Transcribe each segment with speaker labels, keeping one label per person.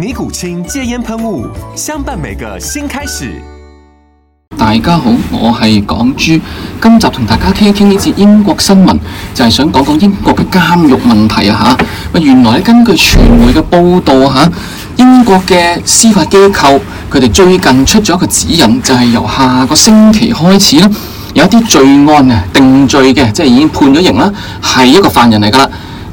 Speaker 1: 尼古清戒煙噴霧，相伴每個新開始。大家好，我係港豬，今集同大家傾一傾呢次英國新聞，就係想講講英國嘅監獄問題啊。原來根據傳媒嘅報道吓、啊，英國嘅司法機構佢哋最近出咗一個指引，就係由下個星期開始啦，有啲罪案啊定罪嘅，即係已經判咗刑啦，係一個犯人嚟㗎喇。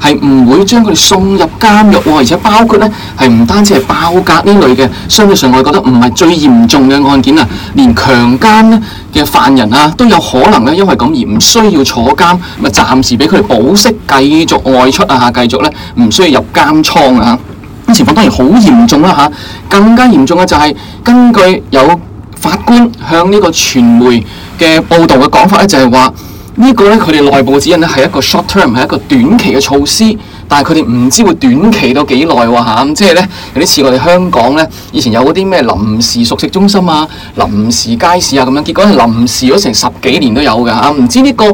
Speaker 1: 係唔會將佢哋送入監獄，而且包括呢係唔單止係爆格呢類嘅，相對上我哋覺得唔係最嚴重嘅案件啊，連強姦嘅犯人啊都有可能呢，因為咁而唔需要坐監，咁啊暫時俾佢哋保釋繼續外出啊，繼續呢唔需要入監倉啊，呢情況當然好嚴重啦吓、啊，更加嚴重嘅就係根據有法官向呢個傳媒嘅報道嘅講法咧，就係話。個呢個咧，佢哋內部指引咧係一個 short term，係一個短期嘅措施，但係佢哋唔知會短期到幾耐喎嚇。即係咧有啲似我哋香港咧，以前有嗰啲咩臨時熟食中心啊、臨時街市啊咁樣，結果係臨時咗成十幾年都有㗎嚇。唔、啊、知呢個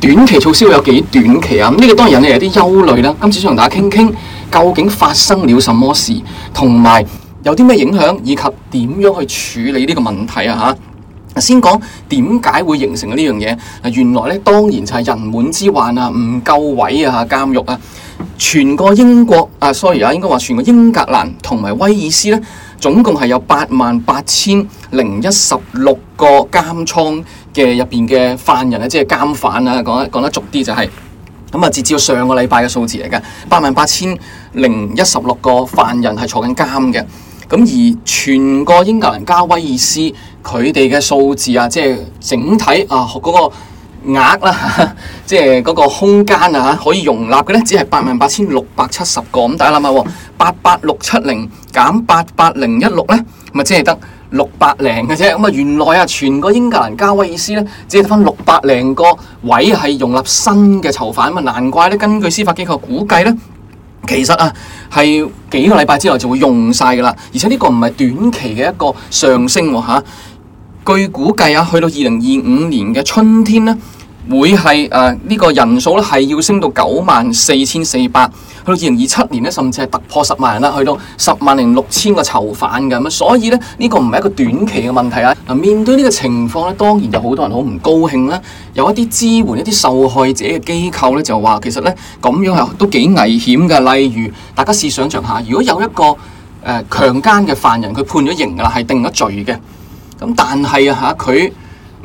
Speaker 1: 短期措施會有幾短期啊？咁、嗯、呢、呢個當然有啲憂慮啦。今次想同大家傾傾，究竟發生了什麼事，同埋有啲咩影響，以及點樣去處理呢個問題啊嚇？先講點解會形成呢樣嘢？原來咧，當然就係人滿之患啊，唔夠位啊，監獄啊，全個英國啊，sorry 啊，應該話全個英格蘭同埋威爾斯咧，總共係有八萬八千零一十六個監倉嘅入邊嘅犯人啊，即係監犯啊，講得講得俗啲就係咁啊，截至到上個禮拜嘅數字嚟嘅，八萬八千零一十六個犯人係坐緊監嘅。咁而全個英格蘭加威爾斯佢哋嘅數字啊、那個、啊，即係整體啊嗰個額啦，即係嗰個空間啊，可以容納嘅呢，只係八萬八千六百七十個。咁大家諗下喎，八八六七零減八八零一六呢，咪即係得六百零嘅啫。咁啊，原來啊，全個英格蘭加威爾斯呢，只係得返六百零個位係容納新嘅囚犯。咁啊，難怪呢，根據司法機構估計呢。其實啊，係幾個禮拜之後就會用晒㗎啦，而且呢個唔係短期嘅一個上升喎、啊、嚇、啊。據估計啊，去到二零二五年嘅春天呢。會係誒呢個人數咧係要升到九萬四千四百，去到二零二七年咧，甚至係突破十萬人啦，去到十萬零六千個囚犯嘅，咁，所以呢，呢、呢個唔係一個短期嘅問題啊！嗱，面對呢個情況咧，當然有好多人好唔高興啦、啊，有一啲支援一啲受害者嘅機構呢就話其實呢，咁樣係都幾危險嘅，例如大家試想像下，如果有一個誒強姦嘅犯人佢判咗刑噶啦，係定咗罪嘅，咁但係啊嚇佢，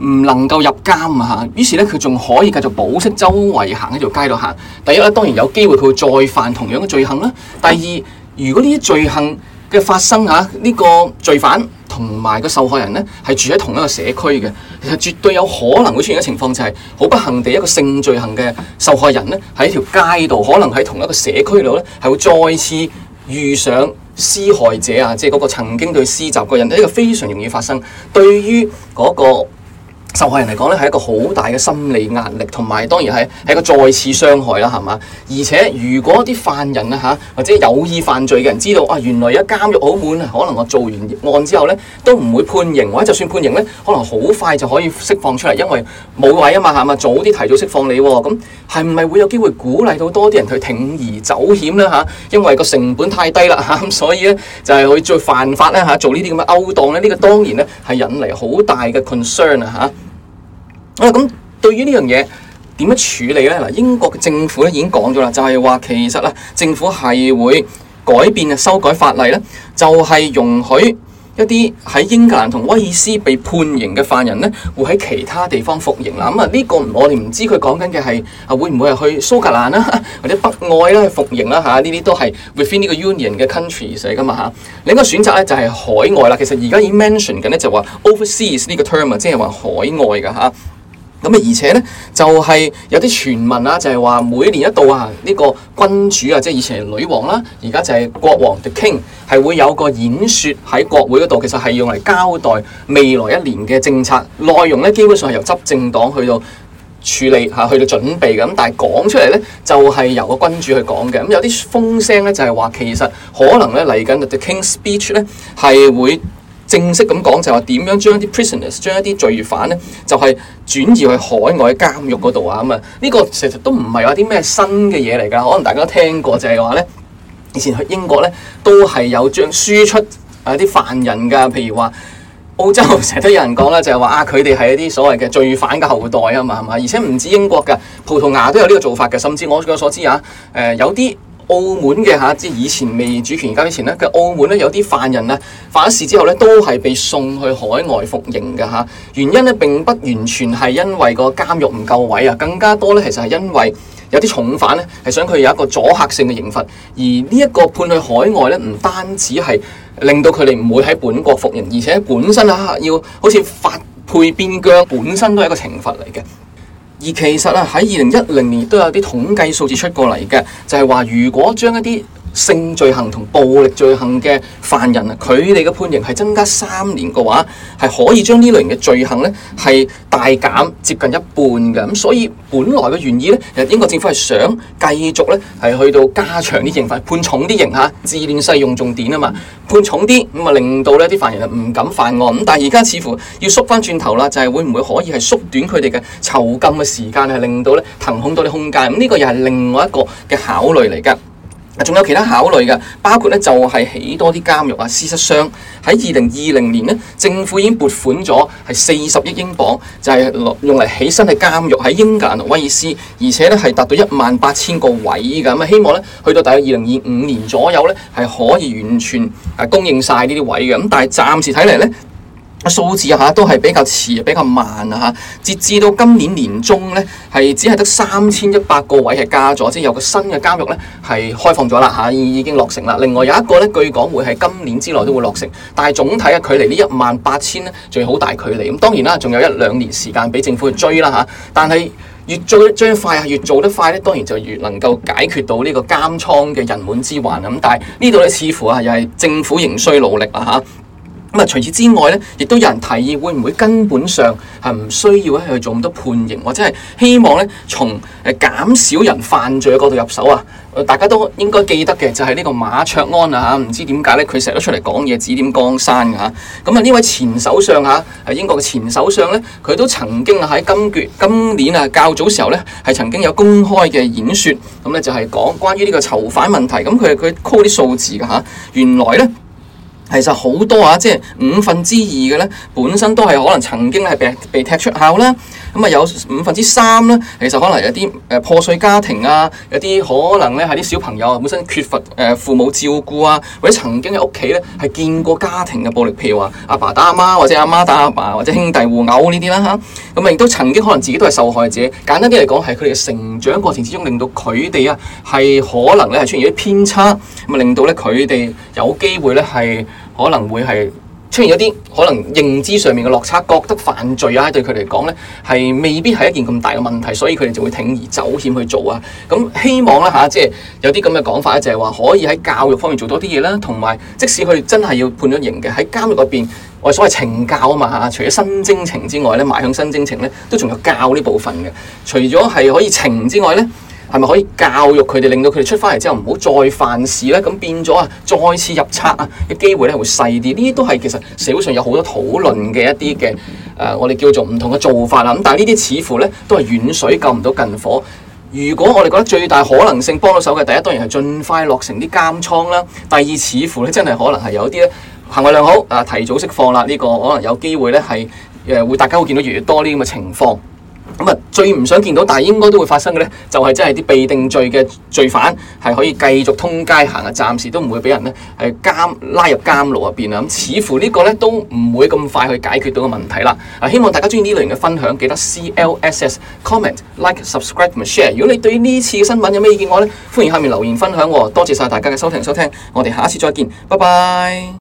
Speaker 1: 唔能夠入監啊！於是呢，佢仲可以繼續保釋，周圍行喺條街度行。第一呢，當然有機會佢會再犯同樣嘅罪行啦。第二，如果呢啲罪行嘅發生啊，呢個罪犯同埋個受害人呢係住喺同一個社區嘅，其實絕對有可能會出現嘅情況，就係好不幸地一個性罪行嘅受害人呢，喺條街度，可能喺同一個社區度呢，係會再次遇上施害者啊！即係嗰個曾經對施襲嘅人，呢個非常容易發生。對於嗰個受害人嚟講咧係一個好大嘅心理壓力，同埋當然係一個再次傷害啦，係嘛？而且如果啲犯人啊嚇，或者有意犯罪嘅人知道啊，原來而家監獄好滿，可能我做完案之後咧都唔會判刑，或者就算判刑咧，可能好快就可以釋放出嚟，因為冇位啊嘛，嚇嘛，早啲提早釋放你喎，咁係咪會有機會鼓勵到多啲人去鋌而走險咧嚇、啊？因為個成本太低啦嚇，咁、啊、所以咧就係去再犯法咧嚇、啊，做呢啲咁嘅勾當咧，呢、呢個當然咧係引嚟好大嘅 concern 啊嚇。啊，咁對於呢樣嘢點樣處理呢？嗱，英國嘅政府咧已經講咗啦，就係、是、話其實啊，政府係會改變啊、修改法例呢就係、是、容許一啲喺英格蘭同威爾斯被判刑嘅犯人咧，會喺其他地方服刑啦。咁、嗯、啊，呢、嗯、個我哋唔知佢講緊嘅係啊，會唔會係去蘇格蘭啦、啊，或者北愛啦去服刑啦、啊？嚇，呢啲都係 within 呢個 union 嘅 countries 嚟噶嘛？嚇，另一個選擇咧就係、是、海外啦。其實而家已經 mention 緊呢就話 overseas 呢個 term 即係話海外噶嚇。咁啊，而且呢，就係、是、有啲傳聞啊，就係、是、話每年一度啊，呢、這個君主啊，即係以前係女王啦，而家就係國王 the King，係會有個演說喺國會嗰度，其實係用嚟交代未來一年嘅政策內容呢，基本上係由執政黨去到處理嚇、啊，去到準備咁，但係講出嚟呢，就係、是、由個君主去講嘅。咁、嗯、有啲風聲呢，就係話，其實可能呢嚟緊 the King's Speech 呢係會。正式咁講就係話點樣將啲 prisoners 將一啲罪犯咧，就係、是、轉移去海外監獄嗰度啊咁啊！呢個其實都唔係話啲咩新嘅嘢嚟㗎，可能大家都聽過就係、是、話咧，以前去英國咧都係有將輸出啊啲犯人㗎，譬如話澳洲成日都有人講啦，就係、是、話啊佢哋係一啲所謂嘅罪犯嘅後代啊嘛，係嘛？而且唔止英國㗎，葡萄牙都有呢個做法嘅，甚至我所所知啊，誒、呃、有啲。澳門嘅嚇，即以前未主權移交之前呢，佢澳門咧有啲犯人啊，犯事之後咧都係被送去海外服刑嘅嚇。原因咧並不完全係因為個監獄唔夠位啊，更加多咧其實係因為有啲重犯咧係想佢有一個阻嚇性嘅刑罰，而呢一個判去海外咧唔單止係令到佢哋唔會喺本國服刑，而且本身啊要好似發配邊疆，本身都係一個懲罰嚟嘅。而其實啊，喺二零一零年都有啲統計數字出過嚟嘅，就係話如果將一啲性罪行同暴力罪行嘅犯人啊，佢哋嘅判刑係增加三年嘅話，係可以將呢類型嘅罪行呢係大減接近一半嘅。咁、嗯、所以本來嘅原意呢，英國政府係想繼續呢，係去到加長啲刑罰，判重啲刑嚇，治亂世用重典啊嘛，判重啲咁啊，嗯、令到呢啲犯人啊唔敢犯案。咁、嗯、但係而家似乎要縮翻轉頭啦，就係、是、會唔會可以係縮短佢哋嘅囚禁嘅時間，係令到呢騰空多啲空間？咁、嗯、呢、呢個又係另外一個嘅考慮嚟㗎。仲有其他考慮嘅，包括咧就係、是、起多啲監獄啊，事實上。喺二零二零年呢，政府已經撥款咗係四十億英鎊，就係、是、用嚟起新嘅監獄喺英格蘭威爾斯，而且咧係達到一萬八千個位嘅咁啊，希望咧去到大概二零二五年左右咧，係可以完全係供應晒呢啲位嘅。咁、嗯、但係暫時睇嚟咧。數字啊都係比較遲，比較慢啊嚇。截至到今年年中呢，係只係得三千一百個位係加咗，即係有個新嘅監獄呢係開放咗啦嚇，已經落成啦。另外有一個呢，據講會係今年之內都會落成，但係總體嘅距離呢一萬八千呢，仲係好大距離。咁當然啦，仲有一兩年時間俾政府去追啦嚇。但係越追將快，係越做得快呢，當然就越能夠解決到呢個監倉嘅人滿之患啊。咁但係呢度呢，似乎啊又係政府仍需努力啦嚇。啊啊咁啊！除此之外咧，亦都有人提議，會唔會根本上係唔需要一係去做咁多判刑，或者係希望咧從誒減少人犯罪嘅角度入手啊、呃？大家都應該記得嘅就係、是、呢個馬卓安啊嚇，唔知點解咧，佢成日都出嚟講嘢指點江山噶嚇。咁啊，呢位前首相嚇、啊、英國嘅前首相咧，佢都曾經喺今月今年啊較早時候咧係曾經有公開嘅演說，咁咧就係講關於呢個囚犯問題。咁佢佢 call 啲數字嘅嚇、啊，原來咧。其實好多啊，即係五分之二嘅咧，本身都係可能曾經係被被踢出校啦。咁啊，有五分之三咧，其實可能有啲誒破碎家庭啊，有啲可能咧係啲小朋友本身缺乏誒父母照顧啊，或者曾經喺屋企咧係見過家庭嘅暴力，譬如話阿爸打阿媽或者阿媽打阿爸或者兄弟互毆呢啲啦吓，咁啊，亦都曾經可能自己都係受害者。簡單啲嚟講，係佢哋嘅成長過程之中令到佢哋啊係可能咧係出現咗啲偏差，咁啊令到咧佢哋有機會咧係。可能會係出現一啲可能認知上面嘅落差，覺得犯罪啊對佢嚟講呢係未必係一件咁大嘅問題，所以佢哋就會鋌而走險去做啊。咁希望咧嚇，即係有啲咁嘅講法咧，就係、是、話可以喺教育方面做多啲嘢啦，同埋即使佢真係要判咗刑嘅喺監獄嗰邊，我所謂懲教啊嘛嚇，除咗新徵情之外情呢，賣向新徵情呢都仲有教呢部分嘅，除咗係可以懲之外呢。係咪可以教育佢哋，令到佢哋出返嚟之後唔好再犯事呢？咁變咗啊，再次入冊啊嘅機會咧會細啲。呢啲都係其實社會上有好多討論嘅一啲嘅誒，我哋叫做唔同嘅做法啦。咁但係呢啲似乎呢都係遠水救唔到近火。如果我哋覺得最大可能性幫到手嘅，第一當然係盡快落成啲監倉啦。第二似乎呢真係可能係有啲行為良好啊提早釋放啦。呢、呢個可能有機會呢係誒會大家會見到越，越多呢啲咁嘅情況。咁啊，最唔想見到，但係應該都會發生嘅呢，就係真係啲被定罪嘅罪犯係可以繼續通街行啊，暫時都唔會俾人呢係監拉入監牢入邊啊。咁、嗯、似乎呢個呢，都唔會咁快去解決到個問題啦。啊，希望大家中意呢類型嘅分享，記得 CLSS Comment Like Subscribe and Share。如果你對呢次嘅新聞有咩意見嘅話呢，歡迎下面留言分享喎。多謝晒大家嘅收聽收聽，我哋下一次再見，拜拜。